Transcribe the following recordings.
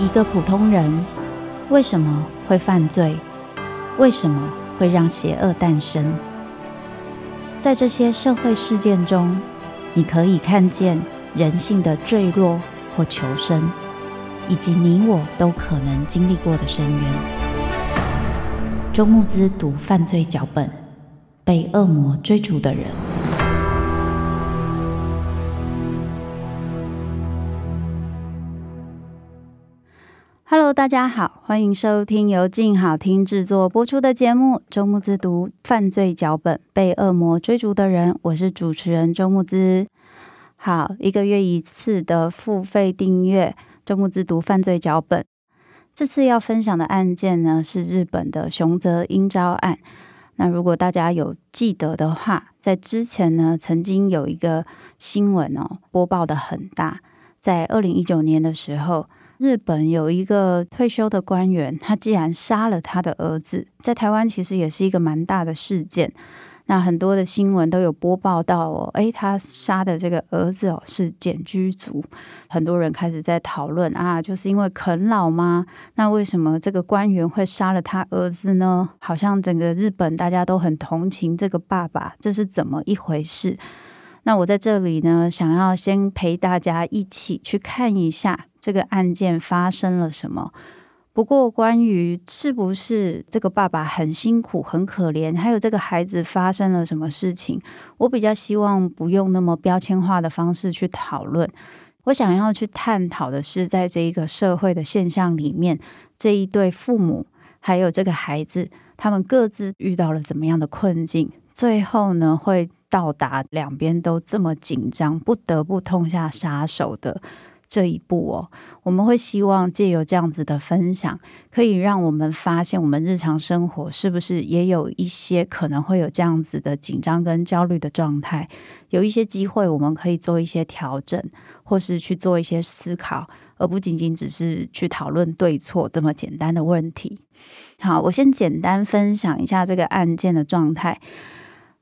一個普通人為什麼會犯罪？為什麼會讓邪惡誕生？在這些社會事件中，你可以看見人性的墜落或求生，以及你我都可能經歷過的深淵。周慕姿讀犯罪腳本，被惡魔追逐的人。Hello，大家好，歡迎收聽由靜好聽制作播出的節目《周慕姿讀犯罪腳本》，被惡魔追逐的人，我是主持人周慕姿。好，一個月一次的付費訂閱《周慕姿讀犯罪腳本》，這次要分享的案件呢，是日本的熊澤英昭案。那如果大家有記得的話，在之前呢，曾經有一個新聞哦，播報的很大，在二零一九年的時候。日本有一個退休的官員，他竟然殺了他的兒子，在台灣其實也是一個蠻大的事件。那很多的新聞都有播報到哦，誒，他殺的這個兒子哦是繭居族，很多人開始在討論啊，就是因為啃老嗎？那為什麼這個官員會殺了他兒子呢？好像整個日本大家都很同情這個爸爸，這是怎麼一回事？那我在這裡呢，想要先陪大家一起去看一下這個案件發生了什麼。不過，關於是不是這個爸爸很辛苦、很可憐，還有這個孩子發生了什麼事情，我比較希望不用那麼標籤化的方式去討論。我想要去探討的是，在這一個社會的現象裡面，這一對父母還有這個孩子，他們各自遇到了怎麼樣的困境，最後呢會。到達兩邊都這麼緊張，不得不痛下殺手的這一步哦，我們會希望借由這樣子的分享，可以讓我們發現我們日常生活是不是也有一些可能會有這樣子的緊張跟焦慮的狀態，有一些機會我們可以做一些調整，或是去做一些思考，而不僅僅只是去討論對錯這麼簡單的問題。好，我先簡單分享一下這個案件的狀態。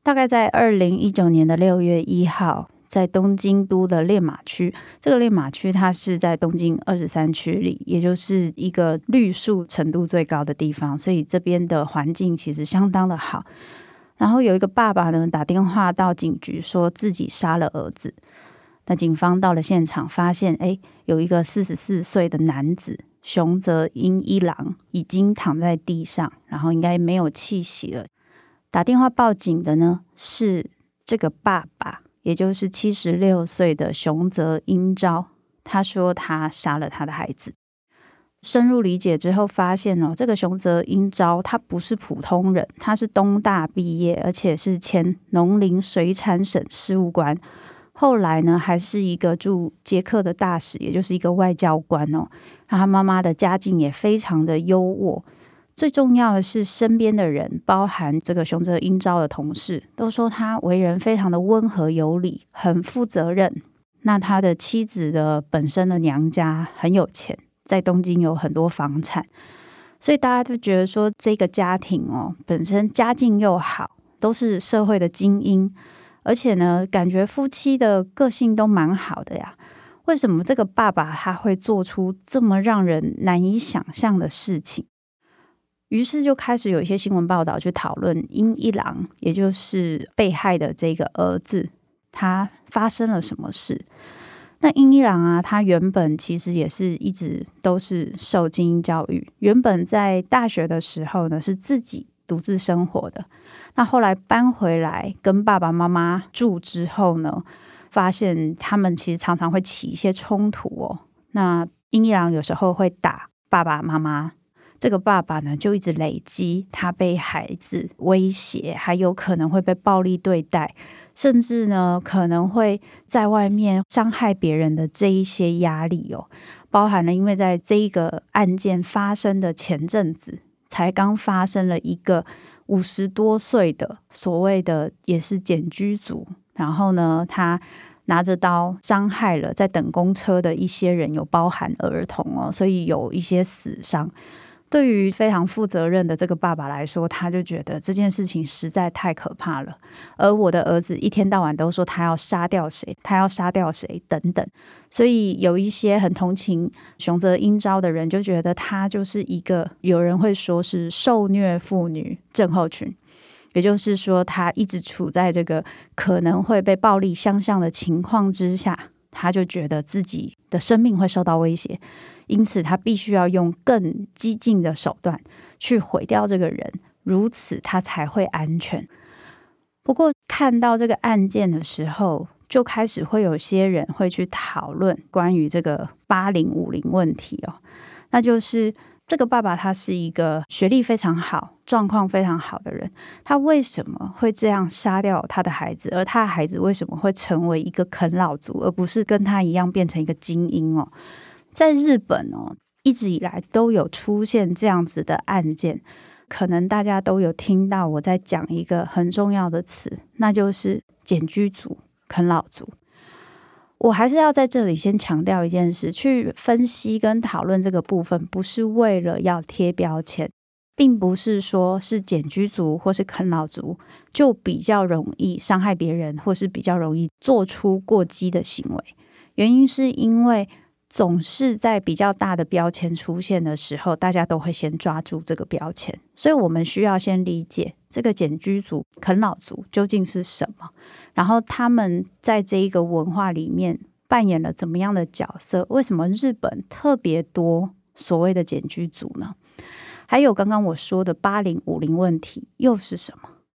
大概在二零一九年的六月一號，在東京都的練馬區，這個練馬區它是在東京二十三區裡，也就是一個綠樹程度最高的地方，所以這邊的環境其實相當的好。然後有一個爸爸呢打電話到警局，說自己殺了兒子。那警方到了現場，發現哎，有一個四十四歲的男子熊澤英一郎已經躺在地上，然後應該沒有氣息了。打電話報警的呢，是這個爸爸，也就是七十六歲的熊澤英昭。他說他殺了他的孩子。深入理解之後，發現哦，這個熊澤英昭他不是普通人，他是東大畢業，而且是前農林水產省事務官，後來呢還是一個駐捷克的大使，也就是一個外交官哦。然後他媽媽的家境也非常的優渥。最重要的是，身邊的人，包含這個熊澤英昭的同事，都說他為人非常的溫和有禮，很負責任。那他的妻子的本身的娘家很有錢，在東京有很多房產，所以大家都覺得說，這個家庭哦，本身家境又好，都是社會的精英，而且呢，感覺夫妻的個性都蠻好的呀。為什麼這個爸爸他會做出這麼讓人難以想象的事情？於是就開始有一些新聞報道去討論英一郎，也就是被害的這個兒子，他發生了什麼事？那英一郎啊，他原本其實也是一直都是受精英教育，原本在大學的時候呢，是自己獨自生活的。那後來搬回來跟爸爸媽媽住之後呢，發現他們其實常常會起一些衝突哦。那英一郎有時候會打爸爸媽媽。這個爸爸呢，就一直累積他被孩子威脅，還有可能會被暴力對待，甚至呢可能會在外面傷害別人的這一些壓力哦，包含了因為在這一個案件發生的前陣子，才剛發生了一個五十多歲的所謂的也是繭居族，然後呢他拿着刀傷害了在等公車的一些人，有包含兒童哦，所以有一些死傷。對於非常負責任的這個爸爸來說，他就覺得這件事情實在太可怕了。而我的兒子一天到晚都說他要殺掉誰，他要殺掉誰等等。所以有一些很同情熊澤英昭的人就覺得他就是一個有人會說是受虐婦女症候群，也就是說他一直處在這個可能會被暴力相向的情況之下，他就覺得自己的生命會受到威脅。因此，他必須要用更激進的手段去毀掉這個人，如此他才會安全。不過，看到這個案件的時候，就開始會有些人會去討論關於這個八零五零問題哦。那就是這個爸爸他是一個學歷非常好、狀況非常好的人，他為什麼會這樣殺掉他的孩子？而他的孩子為什麼會成為一個啃老族，而不是跟他一樣變成一個精英哦？在日本哦，一直以來都有出現這樣子的案件，可能大家都有聽到我在講一個很重要的詞，那就是“繭居族”、“啃老族”。我還是要在這裡先強調一件事，去分析跟討論這個部分，不是為了要貼標籤，並不是說是“繭居族”或是“啃老族”就比較容易傷害別人，或是比較容易做出過激的行為。原因是因為。總是在比較大的標籤出現的時候，大家都會先抓住這個標籤。所以，我們需要先理解這個“繭居族”、“啃老族”究竟是什麼，然後他們在這一個文化裡面扮演了怎麼樣的角色？為什麼日本特別多所謂的“繭居族”呢？還有剛剛我說的“八零五零”問題又是什麼？